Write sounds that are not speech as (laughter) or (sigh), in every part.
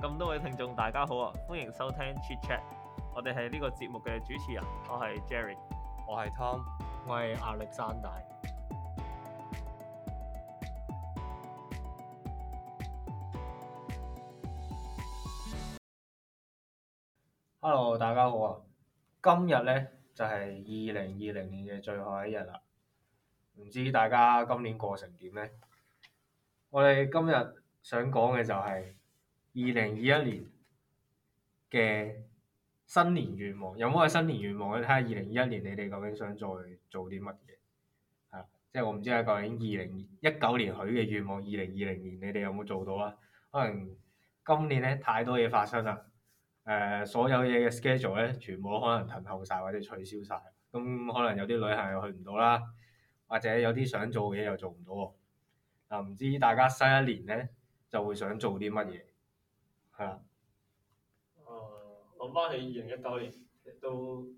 咁多位聽眾，大家好啊！歡迎收聽 Chit Chat，我哋係呢個節目嘅主持人，我係 Jerry，我係 Tom，我係亞歷山大。Hello，大家好啊！今日咧就係二零二零年嘅最後一日啦，唔知大家今年過成點咧？我哋今日想講嘅就係、是、～二零二一年嘅新年願望有冇話？新年願望，你睇下二零二一年你哋究竟想再做啲乜嘢？係啊，即係我唔知啊，究竟二零一九年許嘅願望，二零二零年你哋有冇做到啊？可能今年呢太多嘢發生啦，誒、呃、所有嘢嘅 schedule 呢全部都可能褪後晒或者取消晒。咁、嗯、可能有啲旅行又去唔到啦，或者有啲想做嘅嘢又做唔到喎。嗱、啊，唔知大家新一年呢就會想做啲乜嘢？係啊，誒諗翻起二零一九年，都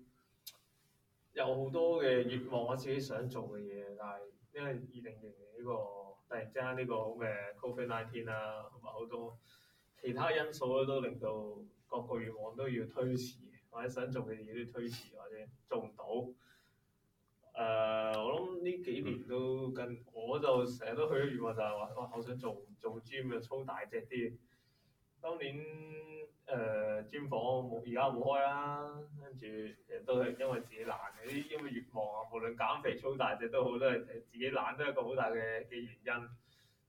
有好多嘅願望，我自己想做嘅嘢，但係因為二零二零年呢、這個突然之間呢個咩 COVID nineteen 啊，同埋好多其他因素咧，都令到各個願望都要推遲，或者想做嘅嘢都要推遲，或者做唔到。誒、uh，我諗呢幾年都跟我就成日都去咗願望就，就係話哇，我想做做 gym 啊，操大隻啲。今年誒、呃、專房冇，而家冇開啦。跟住亦都係因為自己懶嗰啲，因為願望啊，無論減肥、操大隻都好，都係自己懶都係一個好大嘅原因。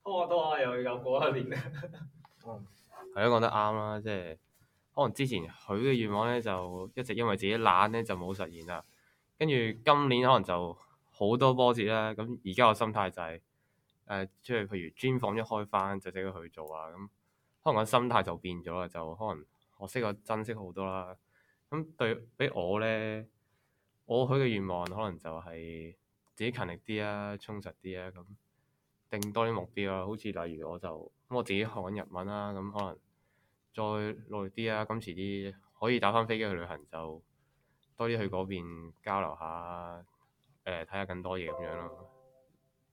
拖下拖下，又又過一年、 (laughs) 嗯、啦。嗯、就是，係啊，講得啱啦，即係可能之前佢嘅願望呢，就一直因為自己懶呢，就冇實現啦。跟住今年可能就好多波折啦。咁而家我心態就係、是、誒，即、呃、係譬如專房一開翻，就即刻去做啊咁。可能我心態就變咗啊，就可能學識我珍惜好多啦。咁對俾我呢，我許嘅願望可能就係自己勤力啲啊，充實啲啊，咁定多啲目標啊。好似例如我就我自己學緊日文啦、啊，咁可能再耐啲啊，咁遲啲可以打翻飛機去旅行就多啲去嗰邊交流下、啊，誒睇下更多嘢咁樣咯。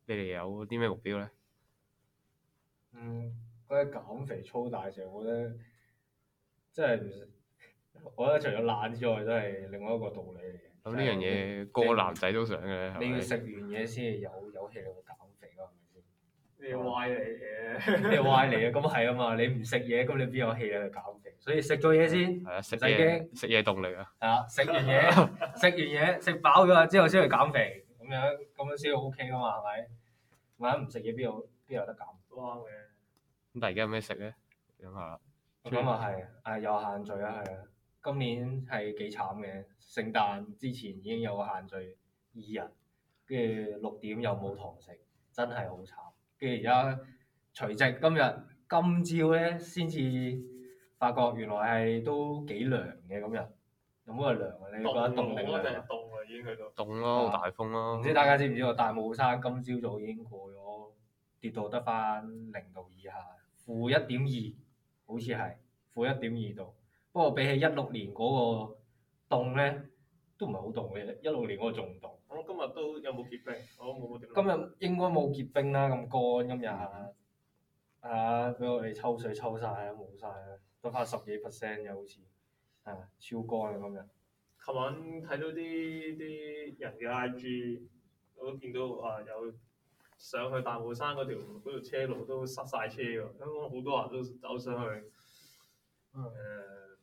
你哋有啲咩目標呢？嗯。嗰啲減肥操大成，我覺得真係，我覺得除咗懶之外，都係另外一個道理嚟嘅。咁呢樣嘢個個男仔都想嘅。你要食完嘢先有有氣量去減肥咯，係咪先？咩歪理嚟嘅？咩歪理嚟嘅，咁係啊嘛？你唔食嘢，咁你邊有氣量去減肥？所以食咗嘢先，啊，食咗嘢食嘢動力㗎。係啊，食完嘢，食完嘢食飽咗之後先去減肥，咁樣咁樣先 O K 㗎嘛？係咪？萬一唔食嘢，邊有邊有得減？啱咁大家有咩食呢？諗下，咁啊係啊，有限聚啊，係啊。今年係幾慘嘅，聖誕之前已經有限聚二日，跟住六點又冇堂食，真係好慘。跟住而家除夕今日今朝呢，先至發覺，原來係都幾涼嘅今日。今有都係涼嘅，你覺得凍定涼啊？凍啊，已經去到凍咯、啊，大風咯、啊。唔、啊、知大家知唔知道大霧山今朝早，早已經過咗，跌到得翻零度以下。1 負一點二，好似係負一點二度，不過比起一六年嗰個凍呢，都唔係好凍嘅，一六年嗰個仲凍。我、嗯、今日都有冇結冰？我冇冇點。今日應該冇結冰啦，咁乾今日嚇，嚇俾、啊、我哋抽水抽晒，啊，冇晒，啊，都翻十幾 percent 嘅好似，嚇超乾啊今日。琴晚睇到啲啲人嘅 I G，我都見到話有。上去大帽山嗰條嗰條車路都塞晒車喎，香港好多人都走上去。誒、嗯呃，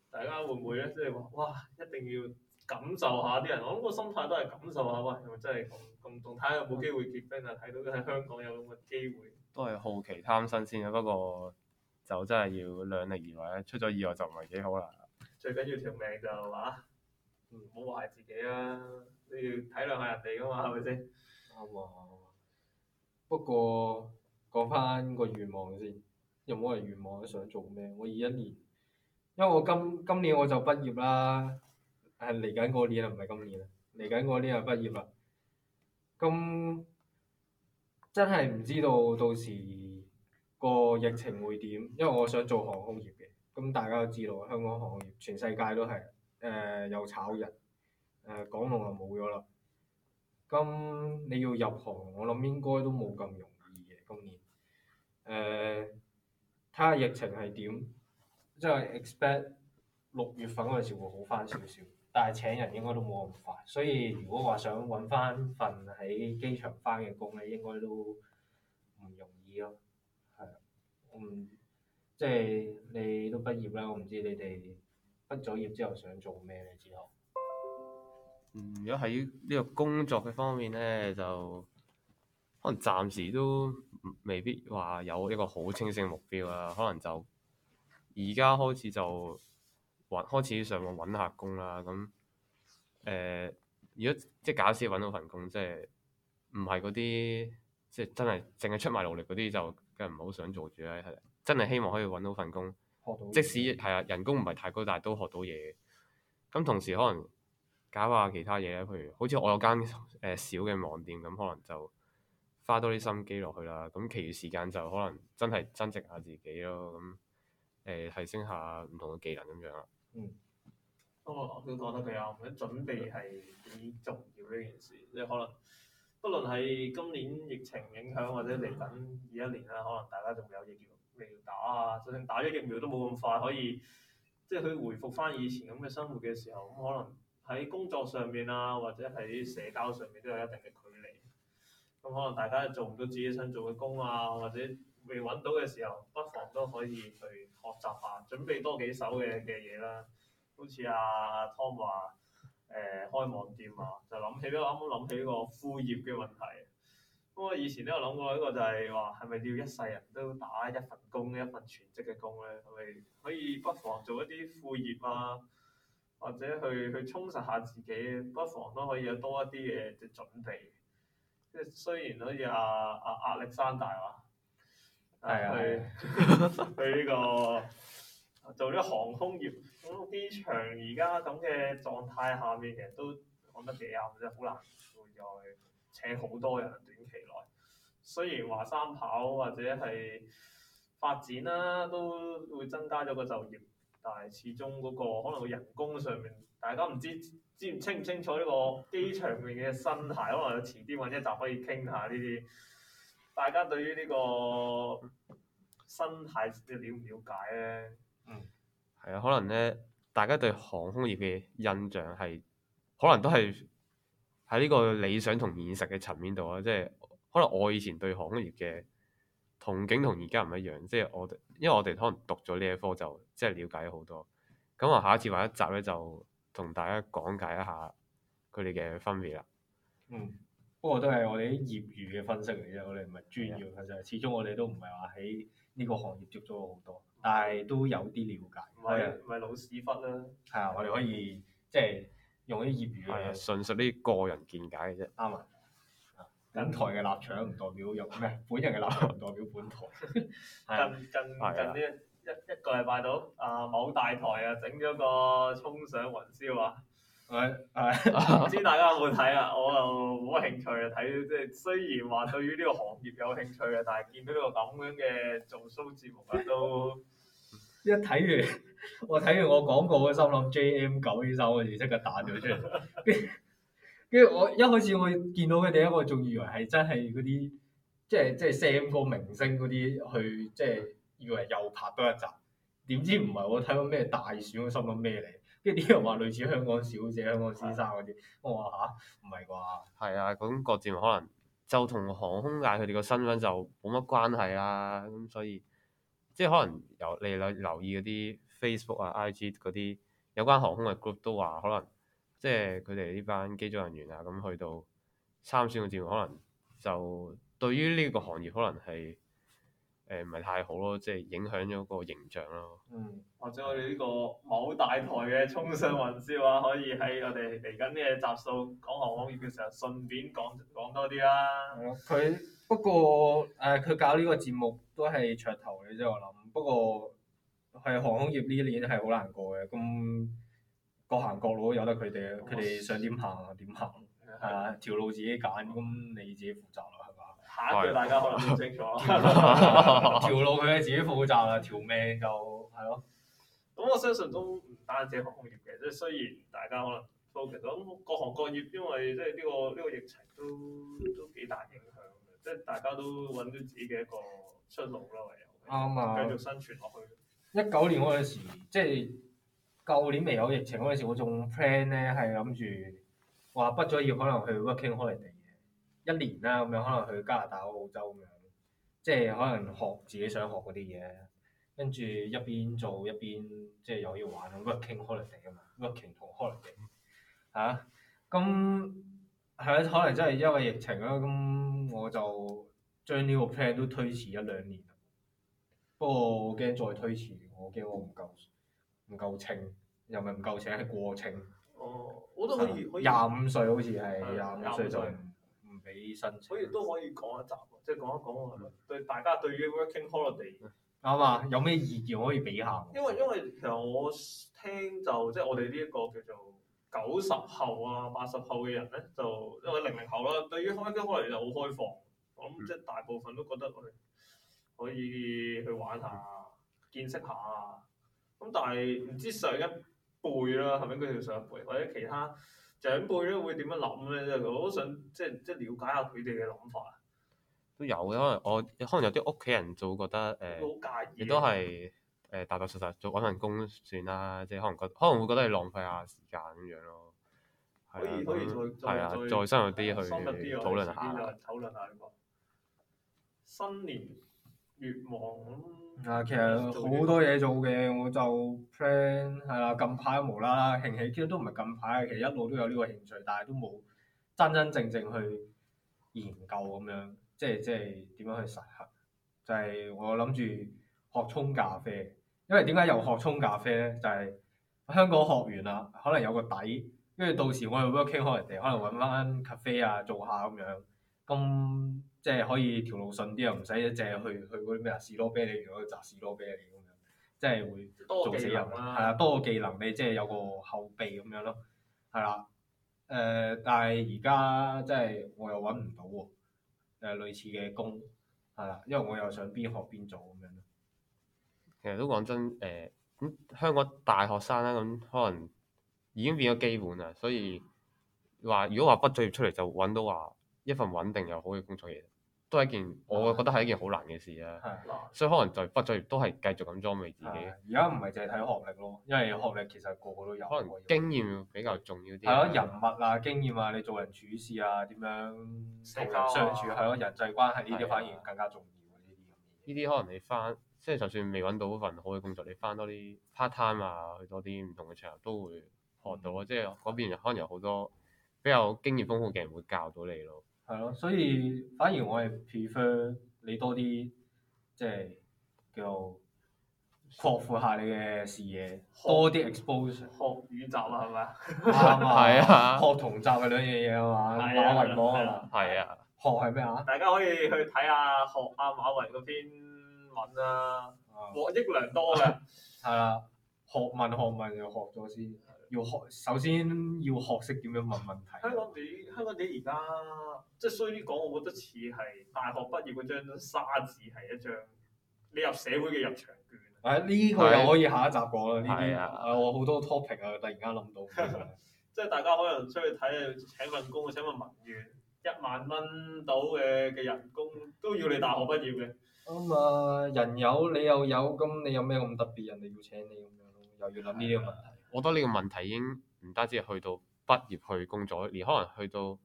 大家會唔會呢？即係話，哇！一定要感受下啲人，我諗個心態都係感受下，喂！又真係咁咁，仲睇下有冇機會結婚啊？睇、嗯、到喺香港有咁嘅機會。都係好奇貪新鮮啊！不過就真係要量力而為咧，出咗意外就唔係幾好啦、啊。最緊要條命就係嘛，唔好話係自己啊！你要體諒下人哋噶嘛，係咪先？啱喎、嗯。嗯。不過講翻個願望先，又冇人願望想做咩？我二一年，因為我今今年我就畢業啦，係嚟緊嗰年啊，唔係今年啊，嚟緊嗰年就畢業啦。咁真係唔知道到時個疫情會點，因為我想做航空業嘅。咁大家都知道香港航空業全世界都係，誒、呃、又炒人，誒、呃、港龍又冇咗啦。咁你要入行，我諗應該都冇咁容易嘅。今年，誒、呃，睇下疫情係點，即係 expect 六月份嗰陣時會好翻少少，但係請人應該都冇咁快。所以如果話想搵翻份喺機場翻嘅工咧，應該都唔容易咯。係啊，我唔即係你都畢業啦，我唔知你哋畢咗業之後想做咩，你知道。嗯，如果喺呢個工作嘅方面呢，就可能暫時都未必話有一個好清晰嘅目標啊。可能就而家開始就話開始上網揾下工啦。咁誒、呃，如果即係假設揾到份工，即係唔係嗰啲即係真係淨係出賣勞力嗰啲，就梗係唔好想做住啦。真係希望可以揾到份工，工即使係啊，人工唔係太高，但係都學到嘢。咁同時可能。搞下其他嘢，譬如好似我有間誒小嘅網店咁，可能就花多啲心機落去啦。咁其餘時間就可能真係增值下自己咯。咁誒、呃、提升下唔同嘅技能咁樣啦。不過、嗯、我都覺得比較我覺得準備係幾重要嘅一件事。即係可能不論係今年疫情影響，或者嚟緊二一年啦，可能大家仲有疫苗未打啊。就算打咗疫苗都冇咁快可以，即係佢回復翻以前咁嘅生活嘅時候，咁可能。喺工作上面啊，或者喺社交上面都有一定嘅距離。咁可能大家做唔到自己想做嘅工啊，或者未揾到嘅時候，不妨都可以去學習下，準備多幾手嘅嘅嘢啦。好似阿 Tom 話誒開網店啊，就諗起都啱啱諗起個副業嘅問題。咁我以前都有諗過一個、就係，就係話係咪要一世人都打一份工，一份全職嘅工呢？係咪可以不妨做一啲副業啊？或者去去充實下自己，不妨都可以有多一啲嘅嘅準備。即係雖然好似阿阿壓力山大話，啊、但去 (laughs) 去呢、呢個做咗航空業，航空機場而家咁嘅狀態下面，其實都講得幾啱嘅。好難會再請好多人短期內。雖然話三跑或者係發展啦，都會增加咗個就業。係，始終嗰、那個可能會人工上面，大家唔知知清唔清楚呢個機場面嘅生態，可能遲啲或者就可以傾下呢啲。大家對於呢個生態嘅了唔了解呢？嗯，啊，可能呢，大家對航空業嘅印象係，可能都係喺呢個理想同現實嘅層面度啊。即係可能我以前對航空業嘅。憧憬同而家唔一樣，即係我哋，因為我哋可能讀咗呢一科就即係、就是、了解好多。咁我下一次或一集呢，就同大家講解一下佢哋嘅分別啦。嗯，不過都係我哋啲業餘嘅分析嚟嘅。我哋唔係專業嘅分析，的始終我哋都唔係話喺呢個行業接觸過好多，嗯、但係都有啲了解。唔係唔係老屎忽啦。係啊，我哋可以即係、就是、用啲業餘嘅，純屬啲個人見解嘅啫。啱啊！本台嘅臘腸唔代表入咩，本人嘅臘腸代表本台。 (laughs) 近近 (laughs) 對近呢， (laughs) 一一個禮拜到啊某大台啊整咗個衝上雲霄啊，係係唔知大家有冇睇啊？ (laughs) 我又冇乜興趣睇，即係雖然話對於呢個行業有興趣嘅，但係見到呢個咁樣嘅做 show 節目啊，都 (laughs) 一睇完，完我睇完我廣告嘅心諗 J M 九呢三個字即刻彈咗出嚟。 (laughs) 跟住我一開始我見到佢哋，我仲以為係真係嗰啲，即係即係三個明星嗰啲去，即係以為又拍多一集，點知唔係喎？睇到咩大選，我心諗咩嚟？跟住啲人話類似香港小姐、香港先生嗰啲，的我話吓，唔係啩？係啊，咁郭晉宏可能就同航空界佢哋個身份就冇乜關係啦，咁所以即係可能有你留留意嗰啲 Facebook 啊、IG 嗰啲有關航空嘅 group 都話可能。即係佢哋呢班機組人員啊，咁去到參選嘅節目，可能就對於呢個行業可能係誒唔係太好咯，即係影響咗個形象咯。嗯，或者我哋呢個某大台嘅《沖上雲霄》啊，可以喺我哋嚟緊嘅集數講航空業嘅時候，順便講講多啲啦。佢 (laughs) 不過誒，佢、呃、搞呢個節目都係噱頭嘅啫，我諗。不過係航空業呢年係好難過嘅，咁。各行各路都由得佢哋，佢哋、啊、想點行就點行，係啊，條路自己揀，咁你自己負責啦，係嘛？下一句大家可能唔清楚，條路佢係自己負責啦，條命就係咯。咁、嗯、我相信都唔單止行業嘅，即係雖然大家可能都其實咁各行各業，因為即係呢個呢個疫情都都幾大影響嘅，即大家都揾到自己嘅一個出路啦，唯有、啊、繼續生存落去。一九年嗰陣時，即係。舊年未有疫情嗰陣時，我仲 plan 呢係諗住話畢咗業可能去 working holiday 嘅，一年啦咁樣可能去加拿大、澳洲咁樣，即係可能學自己想學嗰啲嘢，跟住一邊做一邊即係又要玩 (music) working holiday，嘛 (music) working holiday 啊嘛，working 同 holiday，嚇，咁係咪可能真係因為疫情啦，咁我就將呢個 plan 都推遲一兩年，不過我驚再推遲，我驚我唔夠。唔夠稱，又唔係唔夠稱，係過稱、哦。我都可以，是可以。廿五歲好似係廿五歲就唔唔俾申請。可以都可以講一集即係、就是、講一講我哋、嗯、對大家對於 working holiday 啱嘛？有咩意見可以俾下因？因為因為其實我聽就即係、就是、我哋呢一個叫做九十後啊八十後嘅人呢，就、嗯、因為零零後啦、啊，對於 working holiday 就好開放，我諗即係大部分都覺得我哋可以去玩下，見識下。咁但係唔知上一輩啦，係咪應該叫上一輩或者其他長輩呢，上、就是、一輩呢會點樣諗呢？即係我好想即係即係瞭解下佢哋嘅諗法都有嘅，可能我可能有啲屋企人就會覺得誒，你、呃、都係誒，踏踏實實做返份工算啦，即係可能覺得可能會覺得你浪費下時間咁樣咯。可以，樣可以再深入啲去討論下。新年。越忙，啊，其實好多嘢做嘅。我就 plan 係啦、啊，近排無啦啦興起，其實都唔係近排，其實一路都有呢個興趣，但係都冇真真正正去研究咁樣，即係即係點樣去實行，就係、是、我諗住學沖咖啡，因為點解又學沖咖啡呢？就係、是、香港學完啦，可能有個底，跟住到時我去 working holiday，可能揾翻 cafe 啊做下咁樣，咁。即係可以條路順啲又唔使一直去去嗰啲咩士多啤梨，如果摘士多啤梨咁樣，即係會做死人。係啊，多個技能，你即係有個後備咁樣咯。係啦，誒、呃，但係而家即係我又揾唔到喎、哦。誒、呃，類似嘅工係啦，因為我又想邊學邊做咁樣。其實都講真誒，咁、呃、香港大學生啦、啊，咁可能已經變咗基本啦，所以話如果話畢咗業出嚟就揾到話、啊。一份穩定又好嘅工作其實，都係一件我覺得係一件好難嘅事啦。的所以可能就畢咗業都係繼續咁裝備自己。而家唔係淨係睇學歷咯，因為學歷其實個個都有。可能經驗比較重要啲。係咯，人物啊、經驗啊、你做人處事啊、點樣相處，係咯的，人際關係呢啲反而更加重要。呢啲的可能你翻，即係就算未揾到份好嘅工作，你翻多啲 part time 啊，去多啲唔同嘅場合都會學到咯。即係嗰邊可能有好多比較經驗豐富嘅人會教到你咯。係咯，所以反而我係 prefer 你多啲，即係叫做擴闊下你嘅視野，學多啲 exposure。學與習 (laughs) 吧啊，係咪啊？啱啊，學同習係兩樣嘢啊嘛，馬雲講啊嘛。係啊。學係咩啊？大家可以去睇下學啊,學啊馬雲嗰篇文啊，獲益、啊、良多㗎。係 (laughs) 啊。學問學問,學問要學咗先，要學首先要學識點樣問問題。 (laughs) (laughs) 香港，你而家即係雖然講，就是、我覺得似係大學畢業嗰張沙紙係一張你入社會嘅入場券。啊！呢、這個又可以下一集講啦。係啊，我好多 topic 啊，突然間諗到。即係 (laughs) 實 (laughs) 大家可能出去睇啊，請份工，請份文員一萬蚊到嘅嘅人工，都要你大學畢業嘅。咁啊、嗯，人有你又有，咁你有咩咁特別？人哋要請你咁樣，又要諗呢啲問題、啊。我覺得呢個問題已經唔單止係去到。畢業去工作，而可能去到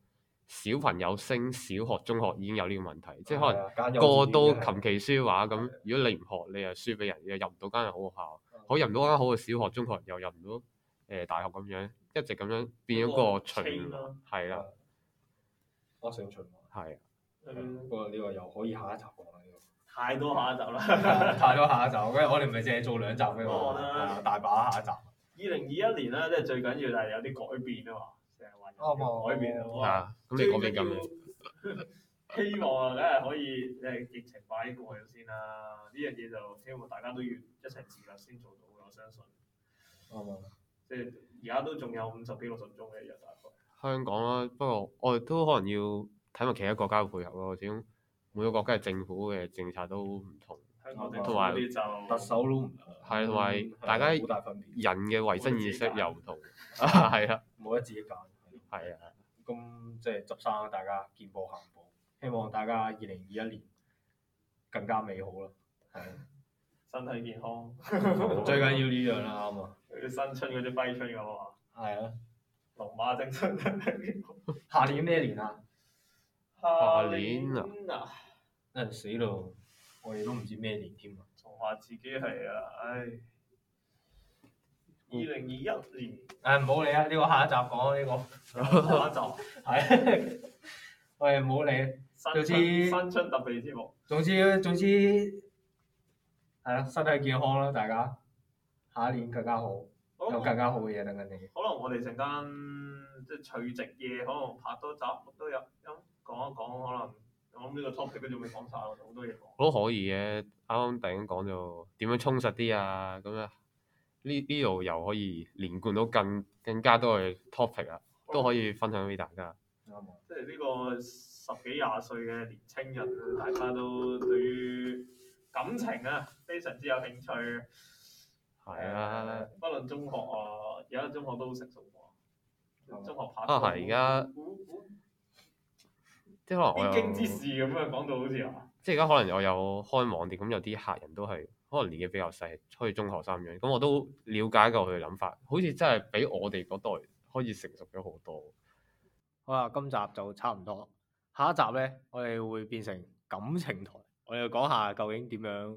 小朋友升小學、中學已經有呢個問題，即係可能過到琴棋書畫咁，如果你唔學，你又輸俾人，又入唔到間好學校，可入唔到間好嘅小學、中學，又入唔到誒大學咁樣，一直咁樣變咗個循環，係啦，惡性循環係。嗯，不過你話又可以下一集講啦，太多下一集啦，太多下一集，我哋唔係淨係做兩集咩？係啊，大把下一集。二零二一年啦，即係最緊要就係有啲改變啊嘛，成日話有改變啊嘛。啊，咁你講咩咁？希望啊，梗係 (laughs) 可以，即係 (laughs) 疫情擺過去先啦，啊。呢樣嘢就希望大家都要一齊自律先做到，我相信。啊。即係而家都仲有五十幾六十宗嘅一日，大概。香港啦，啊，不過我哋都可能要睇埋其他國家嘅配合咯。始終每個國家嘅政府嘅政策都唔同。同埋、嗯、特首都唔係，同埋、嗯、大家人嘅衞生意識又唔同，係啊，冇得自己揀，係啊，咁即係執生啦，大家見步行步，希望大家二零二一年更加美好啦，係啊，身體健康， (laughs) 最緊要呢樣啦，啱 (laughs) (laughs) 啊，嗰啲新春嗰啲揮春咁啊，係啊，龍馬精神，下 (laughs) 年咩年，年啊？下年啊！誒死咯～我哋都唔知咩年添啊，仲話自己係啊，唉，二零二一年。唉、哎，唔好理啊！呢個下一集講呢個。下一集，係。 (laughs) 我哋唔好理，春總之新春特別節目。總之總之，係啦，身體健康啦，大家，下一年更加好，好有更加好嘅嘢等緊你。可能我哋陣間即係除夕夜，可能拍多集都有，咁講一講可能。咁呢個 topic 都仲未講晒喎，好多嘢講。都可以嘅，啱啱突然講咗，點樣充實啲啊？咁啊，呢呢度又可以連貫到更更加多嘅 topic 啦，都可以分享俾大家。嗯、即係呢個十幾廿歲嘅年輕人，大家都對於感情啊非常之有興趣。係、嗯、啊，不論中學啊，而家中學都好成熟㗎喎。啊、中學拍拖啊。啊係，而家。即係可能我有之事咁樣講到好似係即係而家可能我有開網店，咁有啲客人都係可能年紀比較細，開中學生咁樣咁，我都了解過佢嘅諗法，好似真係比我哋嗰代開始成熟咗好多。好啦，今集就差唔多，下一集咧，我哋會變成感情台，我哋講下究竟點樣，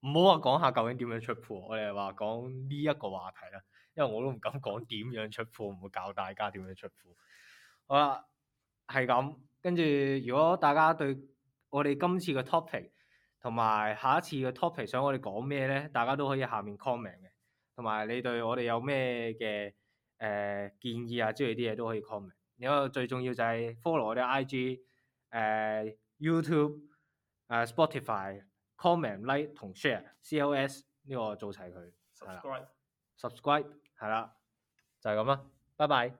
唔好話講下究竟點樣出庫，我哋話講呢一個話題啦，因為我都唔敢講點樣出庫，唔會教大家點樣出庫。好啦。係咁，跟住如果大家對我哋今次嘅 topic 同埋下一次嘅 topic 想我哋講咩咧，大家都可以下面 comment 嘅，同埋你對我哋有咩嘅誒建議啊之類啲嘢都可以 comment。然後最重要就係 follow 我哋 IG，誒、呃、YouTube，誒、呃、Spotify，comment like 同 share，CLS 呢個做齊佢，係啦，訂閱，subscribe 係啦，就係咁啦，拜拜。